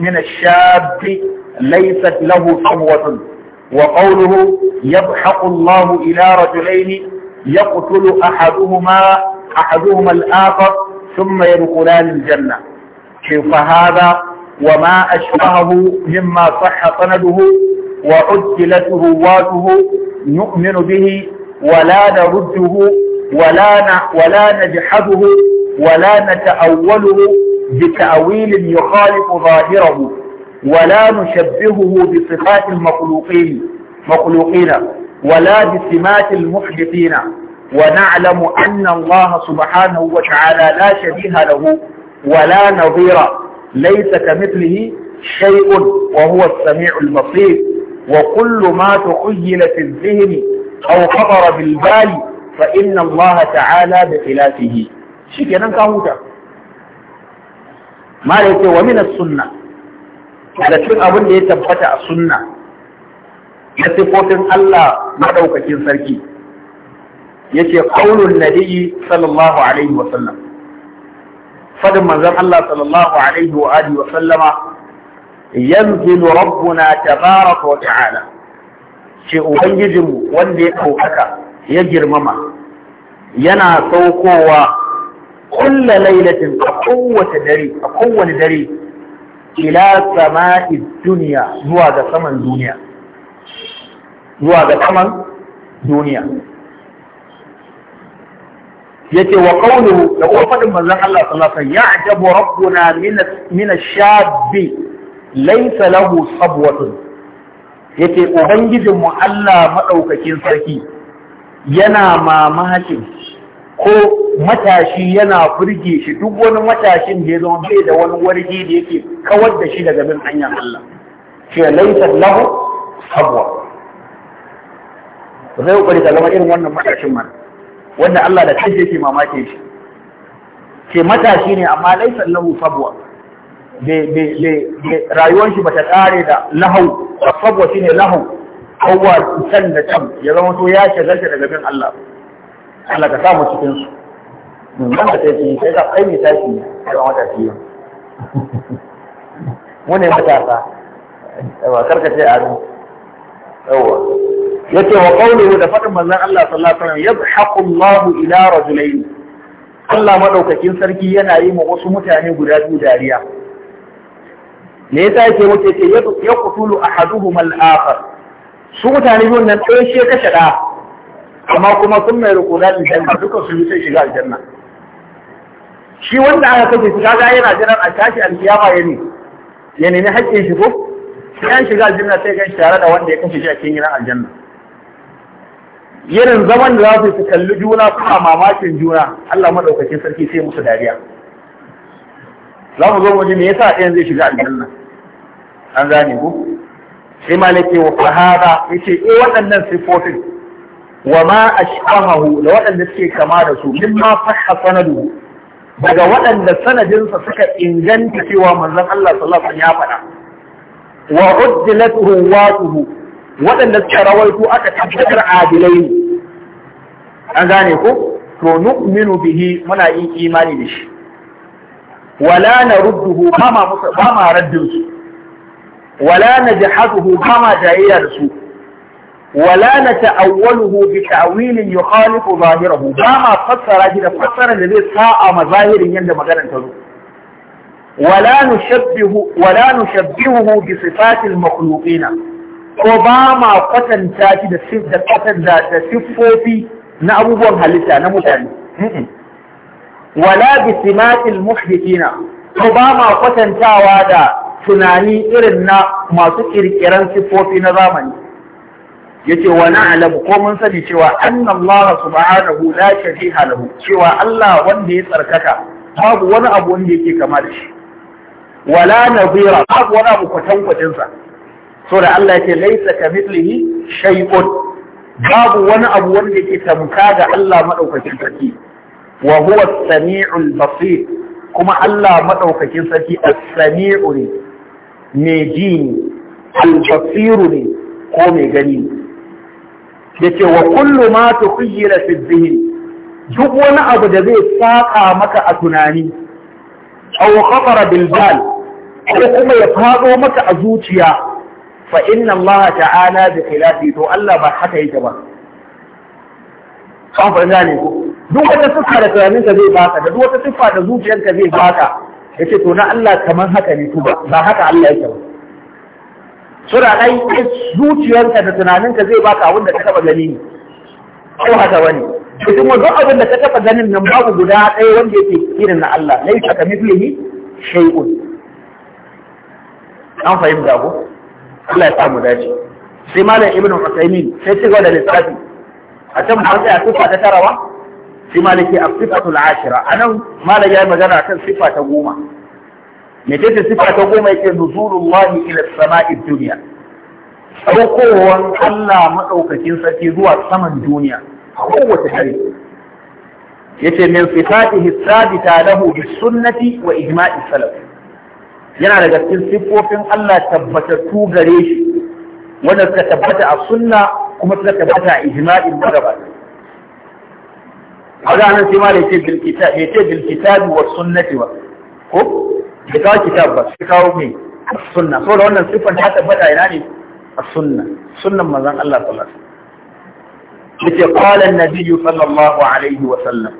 من الشاب ليست له صبوة وقوله يضحك الله إلى رجلين يقتل أحدهما أحدهما الآخر ثم يدخلان الجنة كيف هذا وما أشبهه مما صح سنده وعجلت رواته نؤمن به ولا نرده ولا ولا نجحده ولا نتأوله بتأويل يخالف ظاهره ولا نشبهه بصفات المخلوقين مخلوقين ولا بسمات المحدثين ونعلم أن الله سبحانه وتعالى لا شبيه له ولا نظير ليس كمثله شيء وهو السميع البصير وكل ما تخيل في الذهن أو خطر بالبال فإن الله تعالى بخلافه شكرا كهوتا ما ليس ومن السنة daga cikin abin da ya tabbata a sunna na sifofin Allah ɗaukakin sarki yace qaulun nabiyyi sallallahu alaihi wa sallam fadin manzon Allah sallallahu alaihi wa wa sallama yanzilu rabbuna tabaraka wa ta'ala ce ubangijinmu wanda ya ɗaukaka ya girmama yana saukowa kulla lailatin a kowace dare a kowane dare ila sama'i duniya zuwa ga saman duniya zuwa ga saman duniya yace wa qawluhu da kuma mazan manzon Allah sallallahu alaihi wasallam ya'jabu rabbuna min min ash-shabbi laysa lahu sabwatun yace ubangijin mu Allah maɗaukakin sarki yana mamakin ko matashi yana furge shi duk wani matashin da ya zama bai da wani warge da yake kawar da shi daga bin hanyar Allah shi ya laisa lahu sabwa zai kokari ka zama irin wannan matashin mana wanda Allah da kai yake mamake shi ce matashi ne amma laisa lahu sabwa rayuwar shi ba ta tsare da lahau sabwa ne lahau kawwa can da can ya zama to ya shagarta daga bin Allah Allah ka mu cikin su wanda ta yi sai ka kai mai tashi a yawan wata fiye mu ne matasa yawa karkace a ru yawa yace wa qawluhu da fadin manzon Allah sallallahu alaihi wasallam yadhaku Allah ila rajulayn Allah madaukakin sarki yana yi ma wasu mutane guda biyu dariya me yasa yake wuce ce yaqtulu ahaduhum al-akhar su mutane biyun nan ɗaya shi kashe ɗaya amma kuma sun mai rukunan aljanna duka su yi sai shiga aljanna shi wanda aka kace shi kaga yana jiran a tashi alkiyama ya ne ya haƙƙin shi ko sai an shiga aljanna sai gan tare da wanda ya kashe shi a cikin gidan aljanna Yirin zaman da za su kalli juna kuma mamakin juna Allah madaukakin sarki sai musu dariya za mu zo mu ji me yasa ɗayan zai shiga aljanna an gane ku sai malaki wa fahada yace eh waɗannan sifofin wa ma ashbahahu da waɗanda suke kama da su min ma sahha sanadu daga waɗanda sanadinsa suka inganta cewa manzon Allah sallallahu alaihi ya faɗa wa uddilatuhu watuhu waɗanda suka rawaito aka tabbatar adilai ne an gane ko to nu'minu bihi muna yin imani da shi wala narudduhu ba ma ba ma raddin su wala najhaduhu ba ma jayayya da su ولا نتأوله بتأويل يخالف ظاهره ما فسر هذا فسر الذي ساء مظاهر يند مغانا تزو ولا نشبه ولا نشبهه بصفات المخلوقين وباما قتن تاتي دا سف دا قتن دا سفوفي na abubuwan halitta ولا بصفات المحدثين bi simatil muhdithina ko ba ma kwatantawa da tunani irin yace wa na'lamu ko mun sani cewa anna Allah subhanahu la shariha lahu cewa Allah wanda ya tsarkaka babu wani abu wanda yake kama da shi wala nadira babu wani abu kwatan kwatin sa saboda Allah yake laisa kamithlihi shay'un babu wani abu wanda yake tamka ga Allah madaukakin sarki wa huwa as-sami'ul basir kuma Allah madaukakin sarki as-sami'u ne mai ji ne al-basiru ne ko mai gani ne yace wa kullu ma tukhayyala fi dhihn duk wani abu da zai saka maka a tunani aw khatara bil bal ko kuma ya fado maka a zuciya fa inna Allah ta'ala bi khilafi to Allah ba haka yake ba an fahimta ne ko duk wata siffa da tunaninka zai baka da duk wata siffa da zuciyarka zai baka yace to na Allah kamar haka ne to ba haka Allah yake ba suna yi zuciyarka da tunaninka zai baka abin da ta taɓa gani ne ko haka wani to kuma duk abin da ta taɓa ganin nan babu guda ɗaya wanda yake irin na Allah laisa ka mithlihi shay'un an fahimta ko Allah ya samu dace sai malam ibnu usaymin sai ci gaba da lissafi a can ba sai a sifa ta tarawa sai ke a sifatul ashira nan malam ya yi magana kan sifa ta goma Me mecece sifa ta goma yake nuzulullahi ila sama'i duniya saukowar Allah maɗaukakin sarki zuwa saman duniya a kowace dare yace min sifatihi sabita lahu bi sunnati wa ijma'i salaf yana daga cikin siffofin Allah tabbatattu gare shi wanda suka tabbata a sunna kuma suka tabbata a ijma'in magabata kaga nan sai ma da yake ce kitab wa sunnati ba ko da kawo kitab ba sai kawo mai sunna so da wannan siffar ta tabbata ina ne a sunna sunnan manzon Allah sallallahu alaihi wasallam yace qala an-nabiy sallallahu alaihi wasallam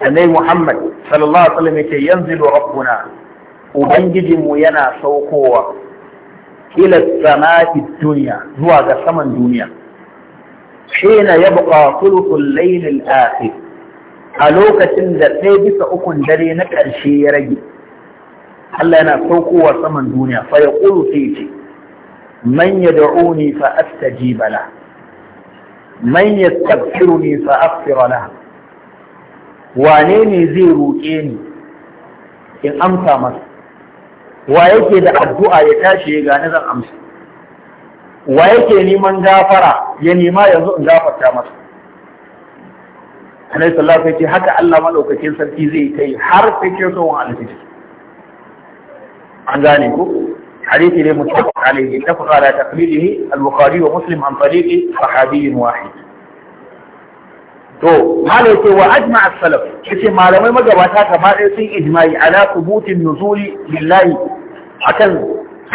annai Muhammad sallallahu alaihi wasallam yace yanzilu rabbuna ubangijinmu yana saukowa ila samai duniya zuwa ga saman duniya حين يبقى ثلث الليل الآخر a lokacin da ɗaya bisa ukun dare na ƙarshe ya rage Allah yana saukowa saman duniya fa ya ƙulu sai ce man ya da'uni fa astajiba bala. man ya tafsiruni fa afsira la wane ne zai roƙe ni in amsa masa wa yake da addu'a ya tashi ya gane zan amsa wa yake neman gafara ya nema yanzu in gafarta masa Annabi sallallahu alaihi wasallam haka Allah madaukakin sarki zai kai har sai ke kirkin alfijir عن ذلك حديث متفق عليه اتفق على تقليده البخاري ومسلم عن طريق صحابي واحد ما ليس واجمع السلف كسي ما لم يمجى واتاك ما ليس اجمعي على ثبوت النزول لله حكاً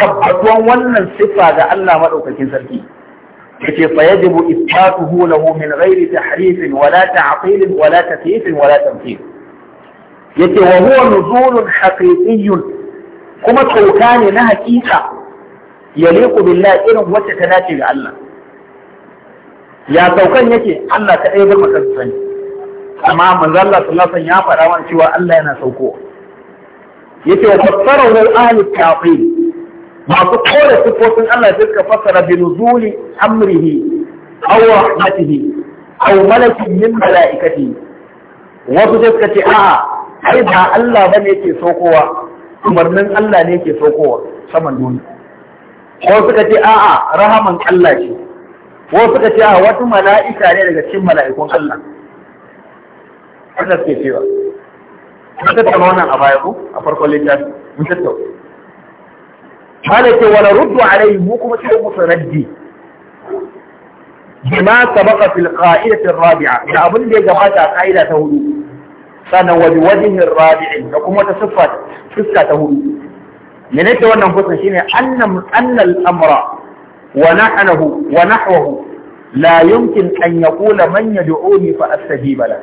ثبت وانا الصفة ذا الله مدعوك كنسركي كسي فيجب إثباته له من غير تحريف ولا تعطيل ولا تثيف ولا تمثيل يتي وهو نزول حقيقي kuma kyauta ne na hakika ya liku billah irin wacce ta dace ga Allah ya saukan yake Allah ta ɗaya bar maka sani amma manzo Allah sallallahu alaihi ya faɗa mana cewa Allah yana saukowa yace wa fassarahu ahli tafsir masu kore sifofin Allah sai suka fassara bi nuzuli amrihi aw rahmatihi aw malakin min malaikatihi wasu sai suka ce a'a ai ba Allah bane yake saukowa umarnin Allah ne ke saukowa saman duniya ko suka ce a'a rahaman Allah ce ko suka ce a wata mala'ika ne daga cikin mala'ikun Allah Allah suke cewa mun tattauna wannan a baya ko a farkon littafi mun tattauna Malai ce wala ruddu alaihi mu kuma sai musu raddi bima sabaqa fil qa'idati ar-rabi'a da abin da ya gabata a ka'ida ta hudu sannan wabi wajihin rabi'in da kuma ta siffa fuska ta hudu ne ce wannan fuska shine annam annal amra wa nahnahu wa nahwahu la yumkin an yaqula man yad'uni fa astajiba la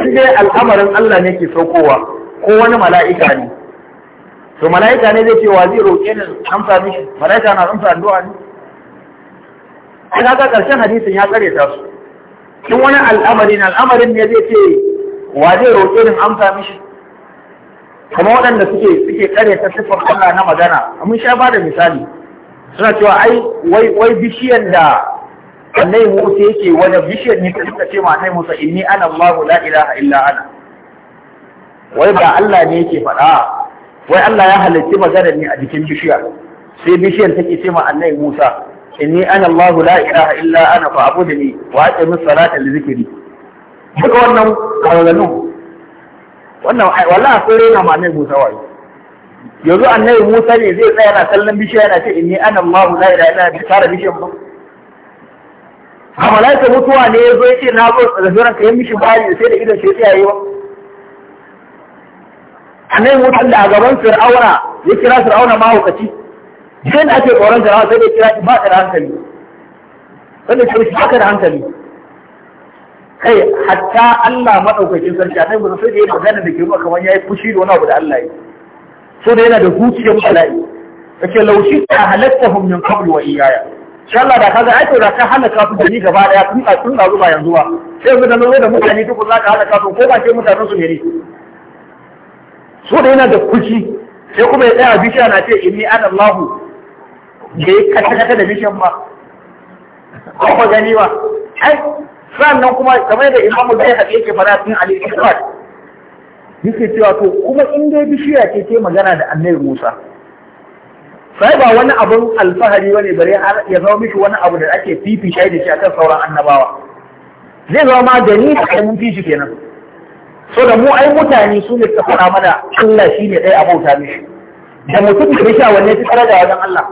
inde al al'amarin Allah ne ke saukowa ko wani mala'ika ne to mala'ika ne zai ce wa zai roƙe ni amsa mishi mala'ika na amsa addu'a ne kaga karshen hadisin ya kare ta su in wani al'amarin al'amarin ne zai ce wa zai roƙe ni amsa mishi Kuma waɗanda suke suke kare ta siffar Allah na magana mun sha ba da misali suna cewa ai wai wai bishiyar da annai Musa yake wani bishiyar ne ta suka ce ma annai Musa inni ana Allahu la ilaha illa ana wai ba Allah ne yake faɗa wai Allah ya halarci maganar ne a jikin bishiya sai bishiyar take ce ma annai Musa inni ana Allahu la ilaha illa ana fa abudni wa aqimi salata li zikri duka wannan kalolanu wannan wallahi akwai rena ma annabi Musa wai yanzu annabi Musa ne zai tsaya yana kallon bishiya yana ce inni ana Allahu la ilaha illa ana tara bishiyan ba a malaika mutuwa ne ya zo ce na zo da zuran kayan mishi bayi sai da idan shi tsayaye ba annabi Musa da a gaban Fir'auna ya kira Fir'auna mahaukaci sai da ake tsoron Fir'auna sai da ya kira shi ba da hankali sai da shi haka da hankali kai hatta Allah maɗaukakin sarki a ɗan sai da ya magana da ke ruwa kamar ya yi fushi da wani abu da Allah ya so da yana da zuciyar da ke laushi a halatta hunyar min wa iyaya insha Allah da za a to da ka halaka su gani gaba ɗaya, tun a tun zuwa yanzu ba sai yanzu da nazo da mutane duk za ka halaka su ko ba ke mutanen su ne so da yana da kuci sai kuma ya tsaya bishiya na ce inni ana Allah da ya kata kata da bishiyan ba ko ba gani ba ai sannan kuma kamar da imamu zai haɗe yake fara cikin al-isra'il yake cewa to kuma in dai bishiya ce ke magana da annabi Musa sai ba wani abun alfahari bane bare ya zama mishi wani abu da ake fifita da shi akan sauran annabawa zai zama ma da ni sai mun fishi kenan so da mu ai mutane su ne suka fara mana Allah shine dai abauta mishi da mutum da bishiya wanne ta tsara da wajen Allah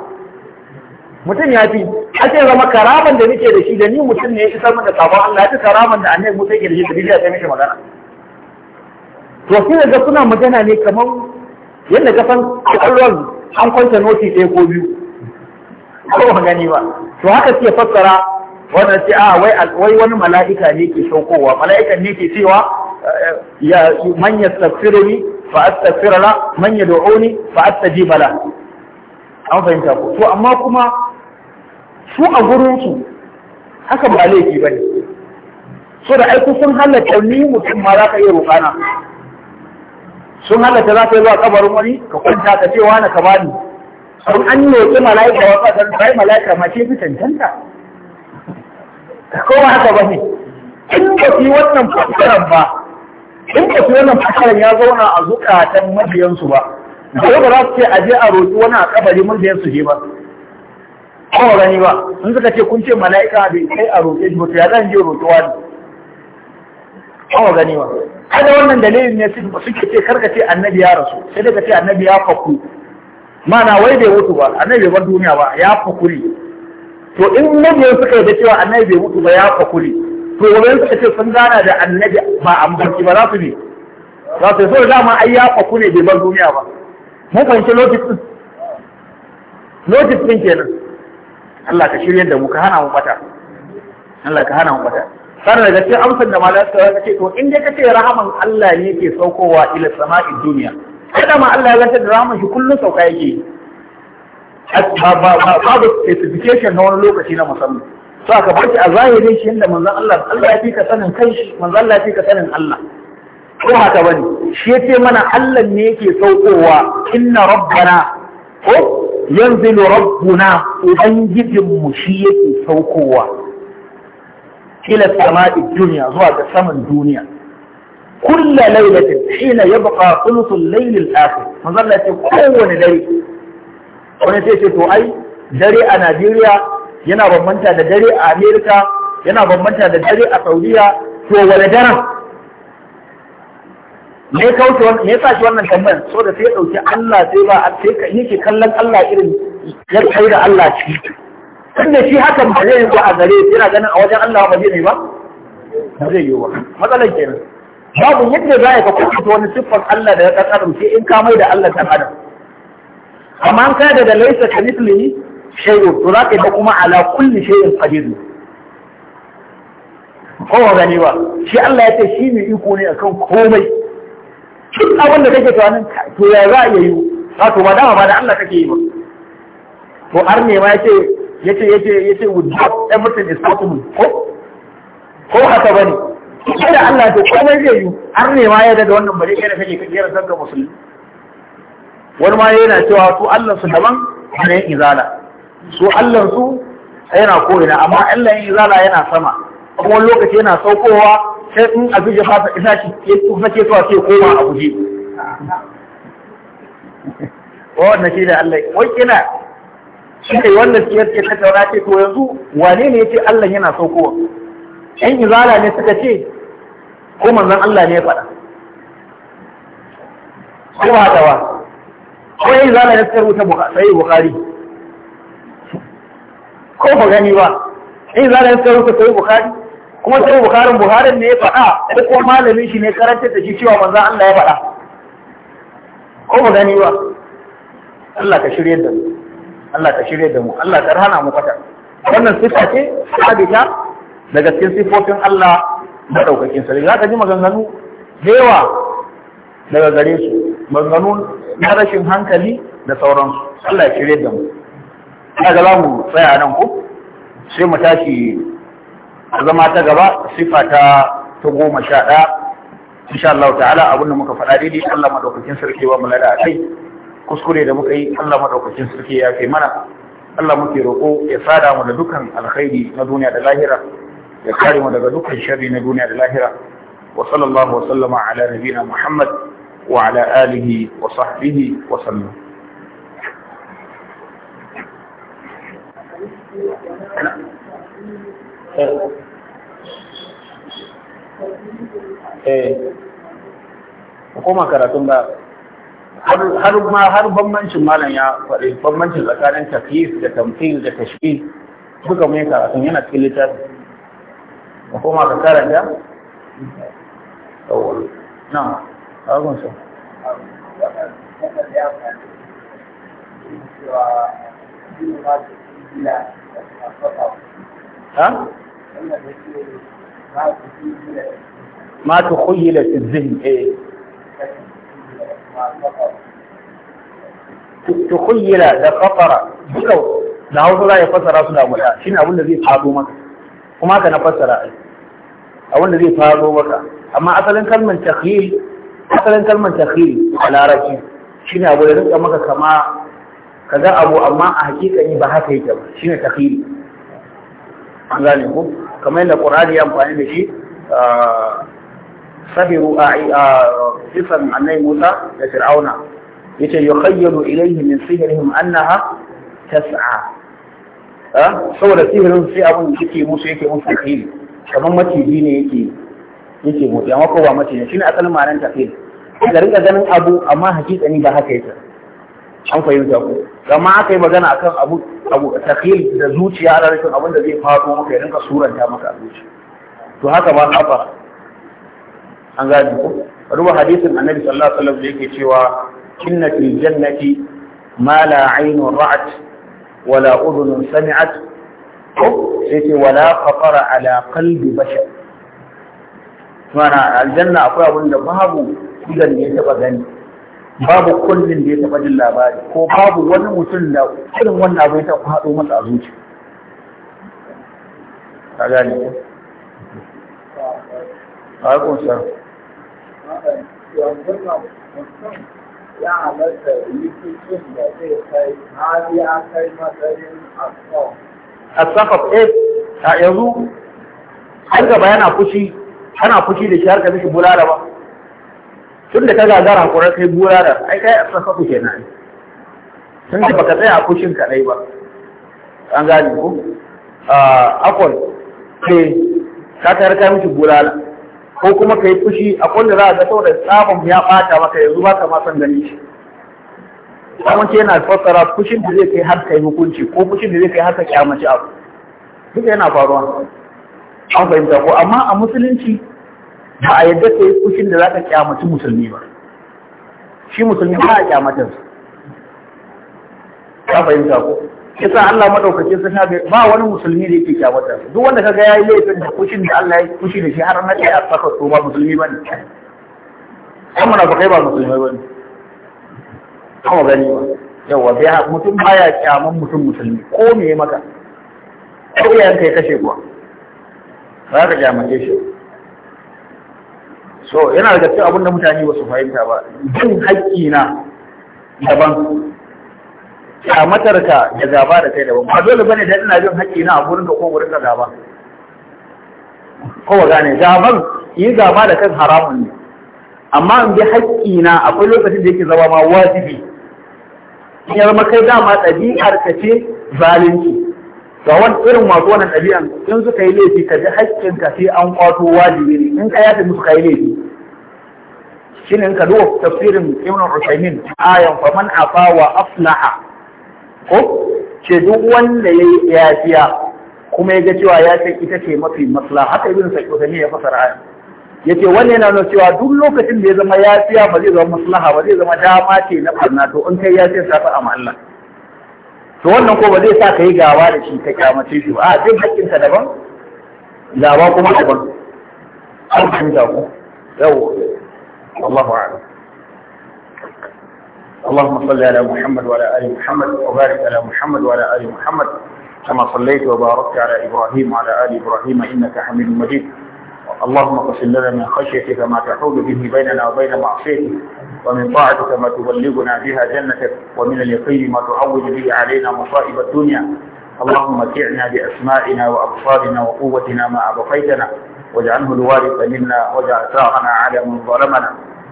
mutum ya fi ake zama karaman da nake da shi da ni mutum ne ya isar mana sabon Allah ya fi karaman da annabi Musa yake da shi da bidiya ta mishi magana to da ga suna magana ne kamar yadda ka san kwallon an kwanta noti ɗaya ko biyu ko ba gani ba to haka suke fassara wannan ce a ah, wai wai wani mala'ika ne ke saukowa Mala'ika ne ke cewa eh, ya manya yastaghfiruni fa astaghfira manya man fa astajibala an fahimta ko to amma kuma su a gurinsu hakan ba laifi ba ne so da aiki sun halatta ni mutum ma za ka iya roƙana sun halatta za ka yi zuwa kabarin wani ka kwanta ka ce wani ka bani sun an wasu mala'ika wa ƙasar bai mala'ika ma ce fi cancanta kowa haka ba ne in ba fi wannan fasaran ba in ba fi wannan fasaran ya zauna a zukatan mabiyansu ba ba za su ce a je a roƙi wani a kabari mabiyansu je ba ko gani ba in suka ce kun ce mala'ika bai kai a roƙe shi ba ya zan je roƙe wani ko gani ba kada wannan dalilin ne suke ce karka ce annabi ya rasu sai daga ce annabi ya faku mana wai bai mutu ba annabi bai bar duniya ba ya fakuri to in mabiyan suka yi da cewa annabi bai mutu ba ya fakuri to wani suka ce sun gana da annabi ba a mafarki ba za su ne za su so dama ai ya ne bai bar duniya ba mun fahimci lokacin lokacin kenan Allah ka shirya da mu ka hana mu bata Allah ka hana mu bata sai daga cikin amsar da malaka ta ce to in dai ce rahaman Allah ne ke saukowa ila sama'i duniya kada ma Allah ya lantar da rahaman shi kullun sauka yake Ba babu specification na wani lokaci na musamman to aka bar shi a zahirin shi yadda manzon Allah Allah ya fi ka sanin kai shi manzon Allah ya fi ka sanin Allah ko haka bane shi ya ce mana Allah ne yake saukowa inna rabbana ko yanzilu rabbuna ubangijinmu shi yake saukowa ila sama'i duniya zuwa ga saman duniya kulla lailatin hina yabqa thuluthul layl al-akhir na ce kowane dare wani sai ce to ai dare a Najeriya yana bambanta da dare a Amerika yana bambanta da dare a Saudiya to wani daren me ya kauce me yasa shi wannan tambayar so da sai ya dauki Allah sai ba a sai ka yake kallon Allah irin ya kai da Allah shi tunda shi hakan ba zai yi ba a gare yana ganin a wajen Allah ba zai yi ba ba zai yi ba matsalar kenan babu yadda za ka kwatanta wani siffar Allah da ya dan adam sai in ka mai da Allah dan adam amma an kada daga laisa ka mislihi shay'un to za ka ga kuma ala kulli shay'in qadir kowa gani ba shi Allah ya ce shi mai iko ne akan komai duk abin da kake tunanin to ya za a yi ba to ma dama ba da Allah kake yi ba to har ne ma yace yace yace yace with God everything is possible ko ko haka bane kai da Allah to komai zai yi har ne ma yadda da wannan bare kai da kake kake rasar ga musulmi wani ma yana cewa su Allah su daban ana yin izala su Allah su yana ko ina amma Allah yin izala yana sama kuma lokaci yana saukowa sai in abin ya fasa isa shi ke ke zuwa sai koma a guje wannan shi ne Allah wai kina shi ne wannan shi yake ta taura ce to yanzu wane ne yace Allah yana saukowa ɗan izala ne suka ce ko manzon Allah ne ya faɗa ko hadawa ko ɗan izala ne suka rubuta sai Bukhari ko ba gani ba ɗan izala ne suka rubuta sai Bukhari kuma sai bukarin buharin ne ya faɗa ko kuma malamin shi ne karanta da shi cewa manzan Allah ya faɗa ko mu gani ba Allah ka shirye da mu Allah ka shirye da mu Allah ka rahana mu kwata wannan sifa ce sabita daga cikin sifofin Allah madaukakin sarki za ka ji maganganu da yawa daga gare su maganganu na rashin hankali da sauransu Allah ya shirye da mu kaga za mu tsaya nan ko sai mu tashi zama ta gaba sifa ta ta goma sha ɗaya insha Allah ta'ala abinda muka faɗa daidai Allah madaukakin sarki wa mulada a kai kuskure da muka yi Allah madaukakin sarki ya kai mana Allah muke roƙo ya sada mu da dukan alkhairi na duniya da lahira ya kare mu daga dukkan sharri na duniya da lahira wa sallallahu wa sallama ala nabiyina Muhammad wa ala alihi wa sahbihi wa sallam Thank you. eh, eh. koma karatun ba har ma har bambancin malam ya faɗi bambancin tsakanin takyif da tamfil da tashfi duka mai karatun yana cikin littafi ka koma ka karanta yawon na ha? ma ta kuyila fi zihin eh tukuyila da fatara duka da hausa za ya fassara su da mula shi ne abinda zai faɗo maka kuma ka na fassara ai da zai faɗo maka amma asalin kalmar takhil asalin kalmar takhil a larabci shi ne abu da rinka maka kama ka ga abu amma a hakikani ba haka yake ba shi ne takhil an gane ku kamar yadda qur'ani ya amfani da shi sabiru a kisan annai musa da fir'auna yace yukhayyalu ilayhi min sihrihim annaha tas'a saboda sihirin sai abin da yake musu yake musu takiri kamar maciji ne yake yake mutu ya ko ba maciji shine asalin ma'anar takiri ka ganin abu amma hakika ni ba haka yake an fahimta ku amma aka yi magana akan abu abu takhil da zuciya ana rashin abin da zai faɗo maka ya rinka suranta maka a zuciya to haka ba fara an gane ku ruwa hadisin annabi sallallahu alaihi wasallam da yake cewa inna fil jannati ma la aynun ra'at wala udhun sami'at sai ce wala khatara ala qalbi bashar mana aljanna akwai abin da babu idan ya taba gani babu kullum da ya taɓa jin labari ko babu wani mutum da irin wannan abin ta taɓa haɗo masa a zuci ka gane ko a ƙunsa ya halatta da zai kai kai a yanzu har gaba yana fushi ana fushi da shi har gaba shi bulala ba tun da ka gagara hakurar kai bura da ai kai a ke kenan tun da baka tsaya a kushin kadai ba an gane ko akwai kai ka tayar kai mishi da ko kuma ka yi fushi a da za a ga saboda tsabon ya ɓata maka yanzu ba ka ma san gani shi kamar yana fassara fushin da zai kai har kai hukunci ko fushin da zai kai har ka kyamaci abu duk yana faruwa an fahimta ko amma a musulunci ba a yadda ka yi kushin da za ka kyamaci musulmi ba shi musulmi ba a kyamatar ka fahimta ko sa Allah madaukake sun ga ba wani musulmi da yake kyamatar duk wanda kaga yi laifin da kushin da Allah ya kushi da shi har na ɗaya a saka to ba musulmi bane kuma na kai ba musulmi ba ne, kuma gani ba yawa sai mutum baya kyaman mutum musulmi ko me maka ko ya kai kashe kuwa ba ka kyamace shi so yana da gaske abin da mutane ba su fahimta ba jin haƙƙi na daban matarka da gaba da kai daban ba dole bane da ina jin haƙƙi na a gurin ka ko gurin ka gaba kowa gane gaban yi gaba da kan haramun ne amma in bi haƙƙi na akwai lokacin da yake zama ma wajibi in ya zama kai dama ɗabi'ar ka ce zalunci ga wani irin masu wannan ɗabi'an in suka yi laifi ka ji haƙƙin ka sai an kwato wajibi ne in ka yafe musu ka yi laifi shine in ka duba tafsirin Ibn Uthaymeen ayan fa man afa wa aflaha ko ce duk wanda yayi yafiya kuma ya ga cewa ya san ita ce mafi maslaha haka Ibn Uthaymeen ya fasara ayan yace wannan yana nuna cewa duk lokacin da ya zama yafiya ba zai zama maslaha ba zai zama dama ce na barna to in kai yafiya ta fa Allah to wannan ko ba zai sa ka yi gawa da shi ta kyamace shi ba a duk ka daban gawa kuma daban an fahimta ku yau والله أعلم اللهم صل على محمد وعلى آل محمد وبارك على محمد وعلى آل محمد كما صليت وباركت على إبراهيم وعلى آل إبراهيم إنك حميد مجيد اللهم اغفر لنا من خشيتك ما تحول به بيننا وبين معصيتك ومن طاعتك ما تبلغنا بها جنتك ومن اليقين ما تعوج به علينا مصائب الدنيا اللهم متعنا بأسمائنا وأبصارنا وقوتنا ما أبقيتنا واجعله الوارث منا واجعل ثارنا على من ظلمنا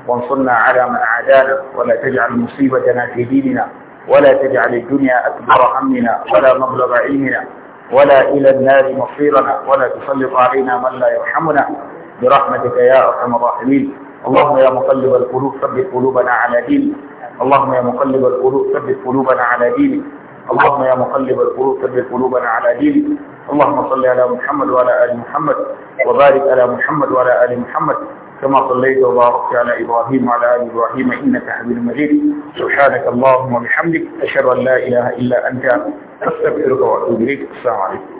وانصرنا على من عادانا ولا تجعل مصيبتنا في ديننا ولا تجعل الدنيا أكبر همنا ولا مبلغ علمنا ولا إلى النار مصيرنا ولا تسلط علينا من لا يرحمنا برحمتك يا أرحم الراحمين اللهم يا مقلب القلوب ثبت قلوبنا على دينك اللهم يا مقلب القلوب ثبت قلوبنا على دينك اللهم يا مقلب القلوب ثبت قلوبنا على دينك اللهم صل على محمد وعلى آل محمد وبارك على محمد وعلى آل محمد كما صليت وباركت على إبراهيم وعلى آل إبراهيم إنك حميد مجيد سبحانك اللهم وبحمدك أشهد أن لا إله إلا أنت أستغفرك وأتوب إليك السلام عليكم